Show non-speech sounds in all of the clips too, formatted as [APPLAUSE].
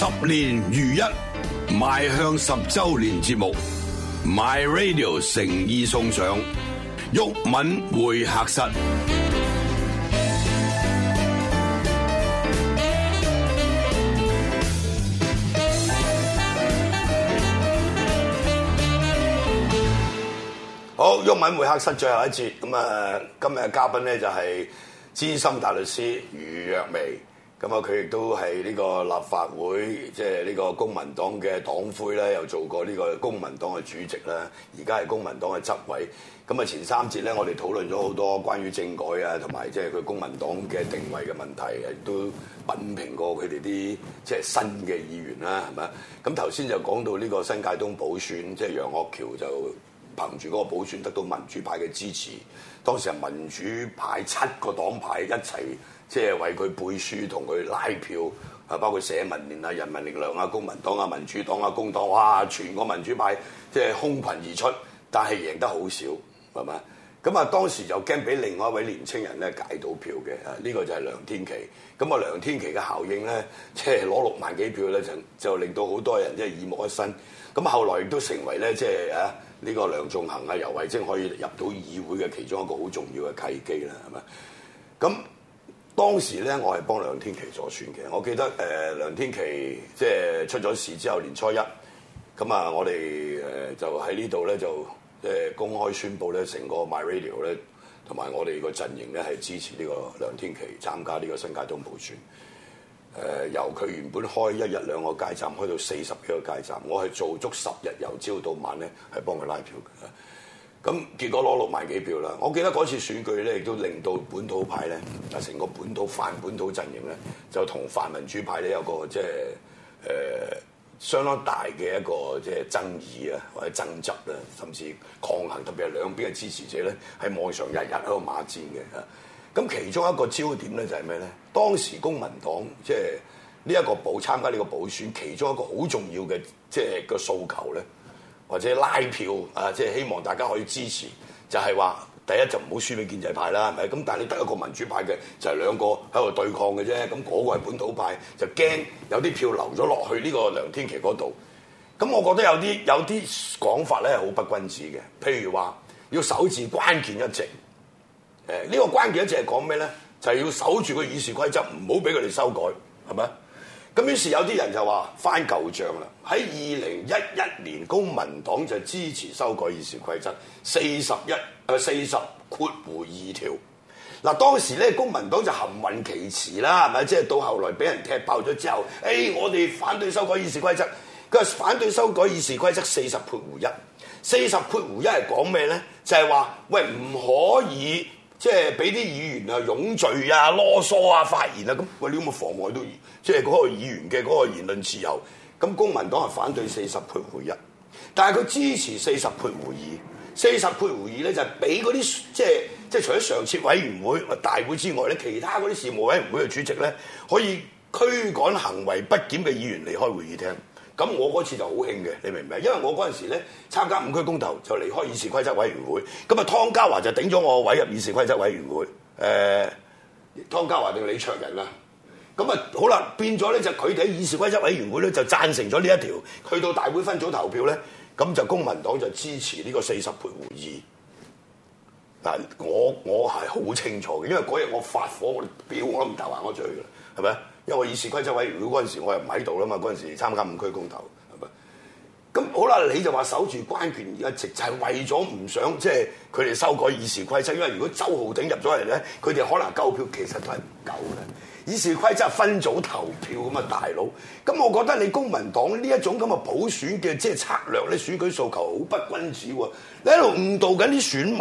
十年如一，邁向十周年節目，My Radio 誠意送上《毓民會客室》。好，《毓民會客室》最後一節，咁啊，今日嘅嘉賓咧就係資深大律師余若薇。咁啊，佢亦都係呢個立法會，即係呢個公民黨嘅黨魁咧，又做過呢個公民黨嘅主席啦。而家係公民黨嘅執委。咁啊，前三節咧，我哋討論咗好多關於政改啊，同埋即係佢公民黨嘅定位嘅問題，亦都品評過佢哋啲即係新嘅議員啦，係咪啊？咁頭先就講到呢個新界東補選，即係楊岳橋就憑住嗰個補選得到民主派嘅支持，當時係民主派七個黨派一齊。即係為佢背書同佢拉票，啊，包括社民連啊、人民力量啊、公民黨啊、民主黨啊、工黨，哇！全個民主派即係空群而出，但係贏得好少，係嘛？咁啊，當時又驚俾另外一位年青人咧解到票嘅，啊，呢個就係梁天琦。咁啊，梁天琦嘅效應咧，即係攞六萬幾票咧，就就令到好多人即係耳目一新。咁後來亦都成為咧，即係啊，呢個梁頌恆啊、游蕙禎可以入到議會嘅其中一個好重要嘅契機啦，係嘛？咁當時咧，我係幫梁天琦助選嘅。我記得誒，梁天琦即係出咗事之後，年初一咁啊，我哋誒就喺呢度咧，就誒公開宣布咧，成個 MyRadio 咧，同埋我哋個陣營咧，係支持呢個梁天琦參加呢個新界東補選。誒，由佢原本開一日兩個街站，開到四十幾個街站，我係做足十日，由朝到晚咧，係幫佢拉票嘅。咁結果攞六萬幾票啦！我記得嗰次選舉咧，亦都令到本土派咧，啊，成個本土反本土陣營咧，就同泛民主派咧有個即係誒相當大嘅一個即係爭議啊，或者爭執啦，甚至抗衡，特別係兩邊嘅支持者咧，喺網上日日喺度罵戰嘅啊！咁其中一個焦點咧，就係咩咧？當時公民黨即係呢一個補參加呢個補選，其中一個好重要嘅即係個訴求咧。或者拉票啊，即係希望大家可以支持，就係、是、話第一就唔好輸俾建制派啦，係咪？咁但係你得一個民主派嘅，就係、是、兩個喺度對抗嘅啫。咁、那、嗰個係本土派，就驚有啲票流咗落去呢個梁天琦嗰度。咁我覺得有啲有啲講法咧係好不君子嘅。譬如話要守住關鍵一席，誒、這、呢個關鍵一席係講咩咧？就係、是、要守住個議事規則，唔好俾佢哋修改，係咪啊？咁於是有啲人就話翻舊帳啦，喺二零一一年公民黨就支持修改議事規則，四十一，誒四十括弧二條。嗱當時咧公民黨就含混其辭啦，咪即係到後來俾人踢爆咗之後，誒、哎、我哋反對修改議事規則。佢話反對修改議事規則四十括弧一，四十括弧一係講咩咧？就係、是、話喂唔可以。即係俾啲議員啊，擁聚啊、囉嗦啊、發言啊，咁餵你咁啊妨礙到即係嗰個議員嘅嗰個言論自由。咁公民黨係反對四十倍會議，但係佢支持四十倍會議。四十倍會議咧就係俾嗰啲即係即係除咗常設委員會、大會之外咧，其他嗰啲事務委員會嘅主席咧，可以驅趕行為不檢嘅議員離開會議廳。咁我嗰次就好興嘅，你明唔明？因為我嗰陣時咧參加五區公投就離開議事規則委員會，咁啊湯家驊就頂咗我位入議事規則委員會，誒、欸、湯家驊定李卓人啦，咁啊好啦，變咗咧就佢哋喺議事規則委員會咧就贊成咗呢一條，去到大會分組投票咧，咁就公民黨就支持呢個四十倍會議。嗱，我我係好清楚嘅，因為嗰日我發火，我表我都唔投啊，我醉嘅，係咪？因為議事規則委員，如果嗰陣時我又唔喺度啦嘛，嗰陣時參加五區公投，咁好啦，你就話守住關權一直就係、是、為咗唔想即係佢哋修改議事規則，因為如果周浩鼎入咗嚟咧，佢哋可能夠票其實都係唔夠嘅。議事規則係分組投票啊嘛，大佬，咁我覺得你公民黨呢一種咁嘅普選嘅即係策略咧，選舉訴求好不君子喎，你喺度誤導緊啲選民，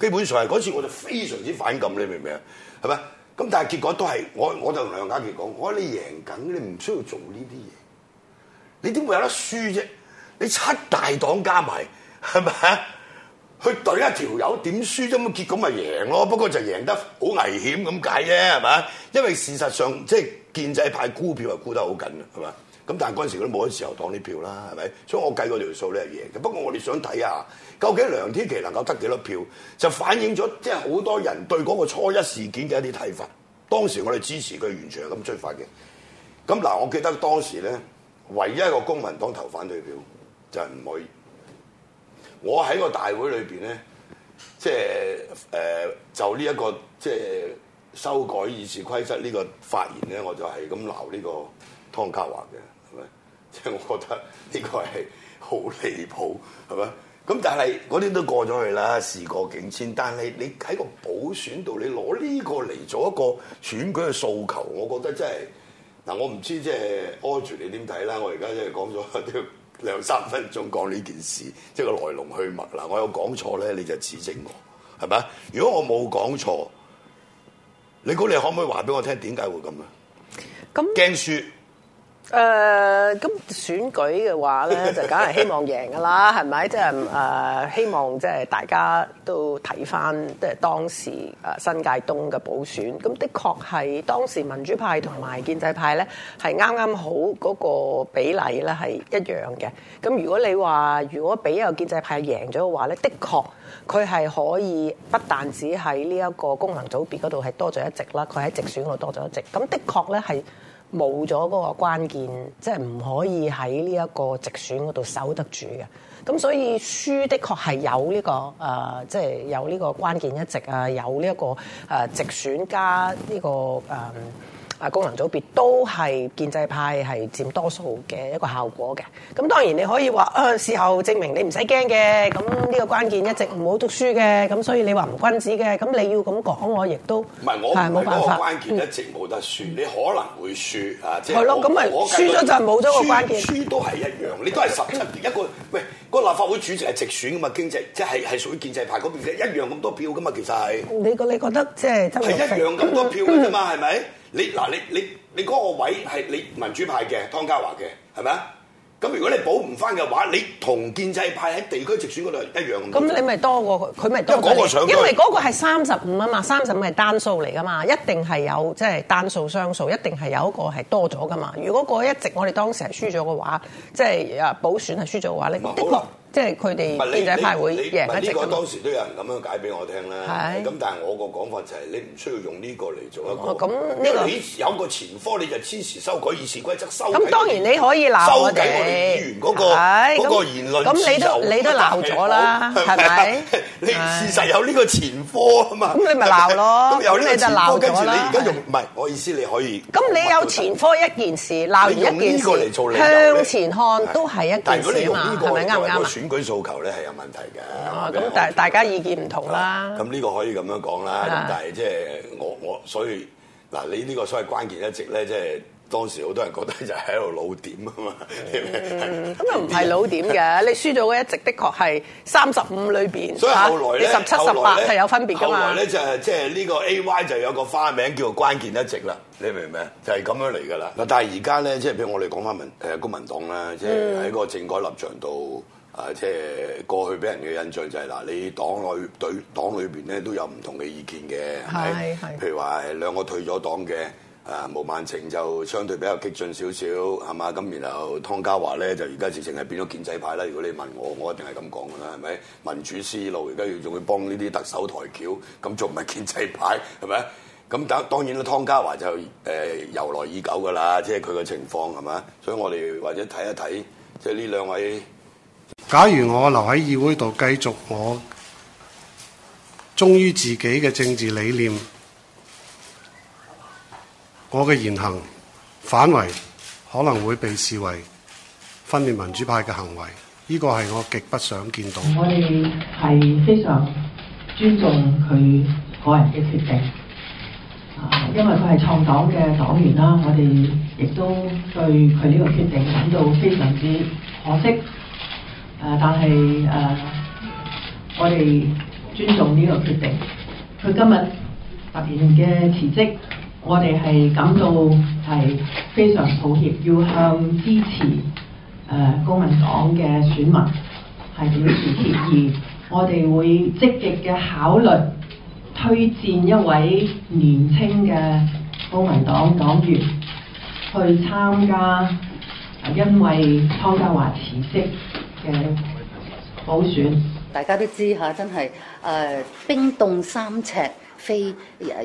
基本上嗰次我就非常之反感，你明唔明啊？係咪？咁但係結果都係，我我就同梁家傑講，我話你贏緊，你唔需要做呢啲嘢。你點會有得輸啫？你七大黨加埋，係咪啊？去對一條友點輸啫？咁結果咪贏咯。不過就贏得好危險咁解啫，係咪啊？因為事實上即係建制派箍票係箍得好緊嘅，係咪？咁但係嗰陣時佢都冇得時候擋啲票啦，係咪？所以我計過條數呢係嘢。嘅。不過我哋想睇下，究竟梁天琦能夠得幾多票，就反映咗即係好多人對嗰個初一事件嘅一啲睇法。當時我哋支持佢完全係咁出發嘅。咁嗱，我記得當時咧，唯一一個公民黨投反對票就係、是、唔可以。我喺個大會裏邊咧，即係誒就呢、是、一、呃這個即係、就是、修改議事規則呢個發言咧，我就係咁鬧呢個湯家驊嘅。係咪？即係 [MUSIC] 我覺得呢個係好離譜，係咪？咁但係嗰啲都過咗去啦，事過境遷。但係你喺個補選度，你攞呢個嚟做一個選舉嘅訴求，我覺得真係嗱、啊，我唔知即係 Audrey 你點睇啦。我而家即係講咗兩三分鐘講呢件事，即係個來龍去脈嗱。我有講錯咧，你就指正我，係咪？如果我冇講錯，你估你可唔可以話俾我聽點解會咁啊？咁驚輸。誒咁、呃、選舉嘅話咧，就梗係希望贏噶啦，係咪？ [LAUGHS] 即係誒、呃、希望，即係大家都睇翻，即係當時誒新界東嘅補選。咁的確係當時民主派同埋建制派咧，係啱啱好嗰個比例咧係一樣嘅。咁如果你話如果俾一個建制派贏咗嘅話咧，的確佢係可以不但止喺呢一個功能組別嗰度係多咗一席啦，佢喺直選嗰度多咗一席。咁的確咧係。冇咗嗰個關鍵，即係唔可以喺呢一個直選嗰度守得住嘅。咁所以輸的確係有呢、這個誒，即、呃、係、就是、有呢個關鍵一席啊、呃，有呢、這、一個誒、呃、直選加呢、這個誒。呃功能組別都係建制派係佔多數嘅一個效果嘅，咁當然你可以話，誒事後證明你唔使驚嘅，咁呢個關鍵一直唔好讀書嘅，咁所以你話唔君子嘅，咁你要咁講我亦都唔係我冇辦法。關鍵一直冇得輸，你可能會輸啊，係咯，咁咪我輸咗就冇咗個關鍵。輸都係一樣，你都係十七年一個喂，個立法會主席係直選噶嘛，經濟即係係屬於建制派嗰邊嘅，一樣咁多票噶嘛，其實係你你覺得即係真係一樣咁多票噶啫嘛，係咪？你嗱，你你你嗰個位係你民主派嘅湯家驊嘅，係咪啊？咁如果你補唔翻嘅話，你同建制派喺地區直選嗰度係一樣。咁你咪多過佢，佢咪多過你。因為嗰個係三十五啊嘛，三十五係單數嚟噶嘛，一定係有即係、就是、單數雙數，一定係有一個係多咗噶嘛。如果個一席我哋當時係輸咗嘅話，即係啊補選係輸咗嘅話、嗯、你。的確。即係佢哋經濟派會贏，呢贏、這個直當時都有人咁樣解俾我聽啦。咁是但係我個講法就係、是、你唔需要用呢個嚟做一個。咁呢個有個前科，你就先時修改以前規則修。咁當然你可以鬧我哋。嗰個嗰個言論，咁你都你都鬧咗啦，係咪？你事實有呢個前科啊嘛，咁你咪鬧咯。咁有啲你就鬧，跟住你而家用唔係我意思，你可以。咁你有前科一件事，鬧完一件事，向前看都係一件事嘛。如果你用呢個，係咪啱唔啱啊？選舉訴求咧係有問題嘅。咁但係大家意見唔同啦。咁呢個可以咁樣講啦，咁但係即係我我所以嗱，你呢個所謂關鍵一席咧，即係。當時好多人覺得就係喺度老點啊嘛，咁又唔係老點嘅， [LAUGHS] 你輸咗嗰一席的確係三十五裏邊，所以後來咧，17, 18, 後來咧係有分別噶嘛。後來咧就係即係呢個 AY 就有個花名叫做關鍵一席啦，你明唔明？就係、是、咁樣嚟噶啦。嗱，但係而家咧，即係譬如我哋講翻民誒、呃、公民黨啦，即係喺個政改立場度啊，即、呃、係、就是、過去俾人嘅印象就係、是、嗱，你黨內對黨裏邊咧都有唔同嘅意見嘅，係，譬的如話兩個退咗黨嘅。啊，毛孟靜就相對比較激進少少，係嘛？咁然後湯家驊咧就而家直情係變咗建制派啦。如果你問我，我一定係咁講噶啦，係咪？民主思路，而家要仲要幫呢啲特首抬轎，咁仲唔係建制派？係咪？咁但當然啦，湯家驊就誒由來已久噶啦，即係佢嘅情況係嘛？所以我哋或者睇一睇，即係呢兩位。假如我留喺議會度，繼續我忠於自己嘅政治理念。我嘅言行反而可能會被視為分裂民主派嘅行為，呢個係我極不想見到。我哋係非常尊重佢個人嘅決定，啊、因為佢係創黨嘅黨員啦。我哋亦都對佢呢個決定感到非常之可惜。誒、啊，但係誒、啊，我哋尊重呢個決定。佢今日突然嘅辭職。我哋係感到係非常抱歉，要向支持誒公民黨嘅選民係表示歉意。我哋會積極嘅考慮推薦一位年青嘅公民黨黨員去參加，因為湯家驊辭職嘅補選。大家都知嚇，真係誒、呃、冰凍三尺非，呃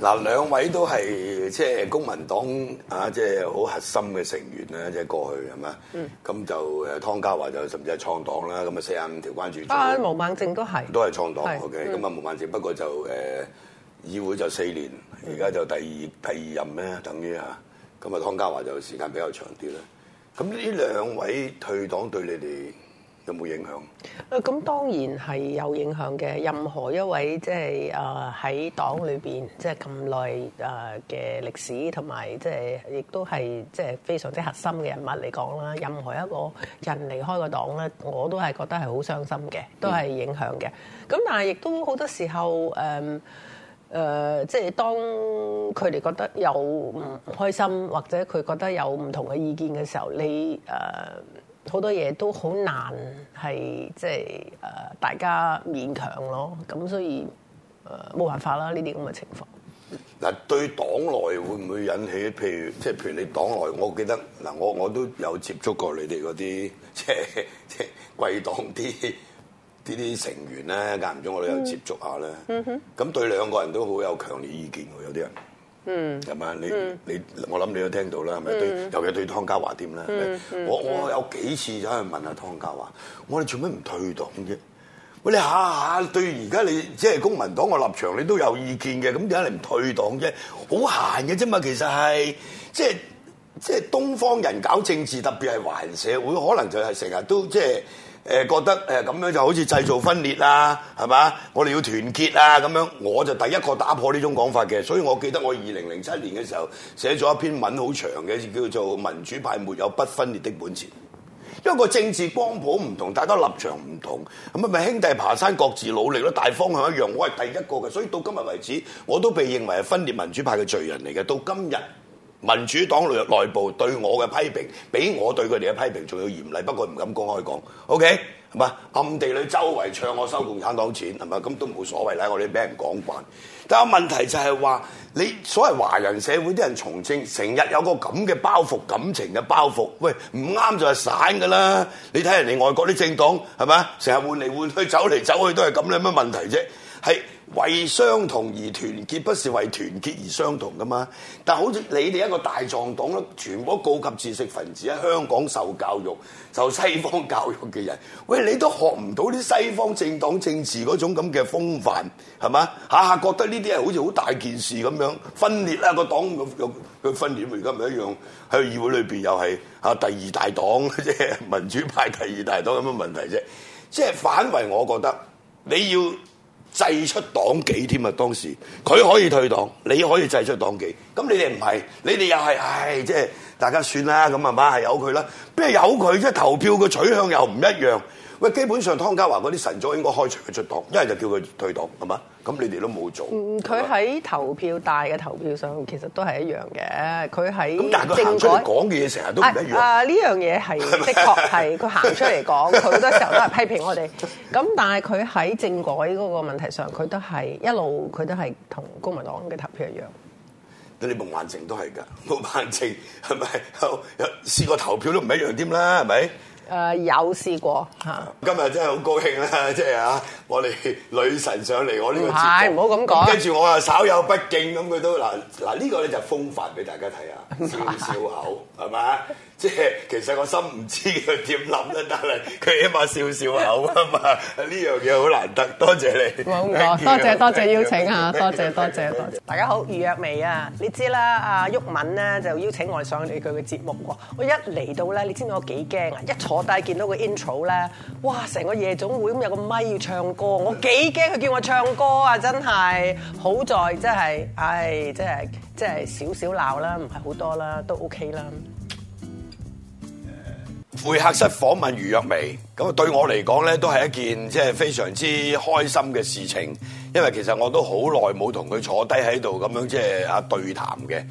嗱，兩位都係即係公民黨啊，即係好核心嘅成員啦，即係過去係嘛？咁就誒，嗯、湯家驊就甚至係創黨啦，咁啊四十五條關注組。啊，毛孟靜都係。都係創黨嘅，咁啊 Okay,、嗯、毛孟靜，不過就誒、呃、議會就四年，而家就第二、嗯、第二任咧，等於嚇，咁啊湯家驊就時間比較長啲啦。咁呢兩位退黨對你哋有冇影響？誒、嗯，咁當然係有影響嘅。任何一位即係誒喺黨裏邊即係咁耐誒嘅歷史，同埋即係亦都係即係非常之核心嘅人物嚟講啦。任何一個人離開個黨咧，我都係覺得係好傷心嘅，都係影響嘅。咁但係亦都好多時候誒誒，即、呃、係、呃係、當佢哋覺得有唔開心，或者佢覺得有唔同嘅意見嘅時候，你誒。呃好多嘢都好難係即係誒、呃、大家勉強咯，咁所以誒冇、呃、辦法啦，呢啲咁嘅情況。嗱、呃，對黨內會唔會引起譬如即係譬如你黨內，我記得嗱、呃，我我都有接觸過你哋嗰啲即係即係貴黨啲呢啲成員咧，間唔中我都有接觸下咧。嗯哼，咁對兩個人都好有強烈意見喎，有啲人。嗯，係咪、mm hmm.？你我你我諗你都聽到啦，係咪？Mm hmm. 對，尤其對湯家驊點咧？是是 mm hmm. 我我有幾次走去問下湯家驊，我哋做咩唔退黨啫？我你下下對而家你即係公民黨嘅立場，你都有意見嘅，咁點解你唔退黨啫？好閒嘅啫嘛，其實係即係即係東方人搞政治，特別係華人社會，可能就係成日都即係。誒覺得誒咁樣就好似製造分裂啦，係嘛？我哋要團結啊咁樣，我就第一個打破呢種講法嘅。所以我記得我二零零七年嘅時候寫咗一篇文好長嘅，叫做《民主派沒有不分裂的本錢》，因為個政治光譜唔同，大家立場唔同，咁啊咪兄弟爬山各自努力咯，大方向一樣。我係第一個嘅，所以到今日為止，我都被認為係分裂民主派嘅罪人嚟嘅。到今日。民主黨內內部對我嘅批評，比我對佢哋嘅批評仲要嚴厲，不過唔敢公開講，OK，係嘛？暗地裏周圍唱我收共產黨錢，係咪？咁都冇所謂啦，我哋俾人講慣。但係問題就係話，你所謂華人社會啲人從政，成日有個咁嘅包袱，感情嘅包袱，喂，唔啱就係散㗎啦。你睇人哋外國啲政黨，係咪？成日換嚟換去，走嚟走去都係咁，有乜問題啫？係。為相同而團結，不是為團結而相同噶嘛？但好似你哋一個大狀黨咧，全部高級知識分子喺香港受教育、受西方教育嘅人，喂，你都學唔到啲西方政黨政治嗰種咁嘅風範，係嘛？下下覺得呢啲係好似好大件事咁樣分裂啦，個黨個個個分裂，而家咪一樣喺議會裏邊又係嚇第二大黨即啫，民主派第二大黨有嘅問題啫？即係反為我覺得你要。祭出黨紀添啊！當時佢可以退黨，你可以祭出黨紀。咁你哋唔係，你哋又係唉，即係大家算啦，咁慢慢係由佢啦，邊有佢啫？投票嘅取向又唔一樣。喂，基本上湯家驊嗰啲神組應該開除佢出黨，一係就叫佢退黨，係嘛？咁你哋都冇做。佢喺投票大嘅投票上，其實都係一樣嘅。佢喺咁，但係佢行出嚟講嘅嘢成日都唔一樣啊。啊，呢樣嘢係的確係佢行出嚟講，好多時候都係批評我哋。咁 [LAUGHS] 但係佢喺政改嗰個問題上，佢都係一路佢都係同公民黨嘅投票一樣。你哋孟萬成都係㗎，孟萬成係咪有試過投票都唔一樣添啦？係咪？誒、呃、有試過，今日真係好高興啦！即係啊，我哋女神上嚟我呢個節目，唔好咁講。跟住我啊，稍有不敬咁，佢都嗱嗱呢個咧就風範俾大家睇下，少少笑笑口係咪？即係其實我心唔知佢點諗啦，但係佢起碼笑笑口啊嘛。呢樣嘢好難得，多謝你 [LAUGHS] 多謝多謝， [LAUGHS] 多謝多謝邀請啊，多謝多謝多謝，多謝大家好，余若薇啊。 [MUSIC] 你知啦，阿旭敏阿毓民咧就邀請我上嚟佢嘅節目喎。我一嚟到咧，你知我幾驚啊！一坐低見到個 intro 咧，哇！成個夜總會咁有個咪要唱歌，我幾驚佢叫我唱歌啊！真係好在真係，唉，即係即係少少鬧啦，唔係好多啦，都 OK 啦。會客室訪問余若薇，咁對我嚟講咧，都係一件即係、就是、非常之開心嘅事情，因為其實我都好耐冇同佢坐低喺度咁樣即係啊對談嘅。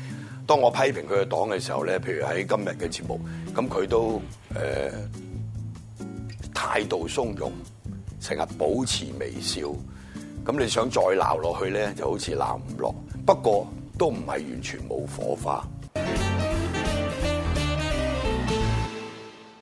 當我批評佢嘅黨嘅時候咧，譬如喺今日嘅節目，咁佢都誒態度鬆容，成日保持微笑。咁你想再鬧落去咧，就好似鬧唔落。不過都唔係完全冇火花。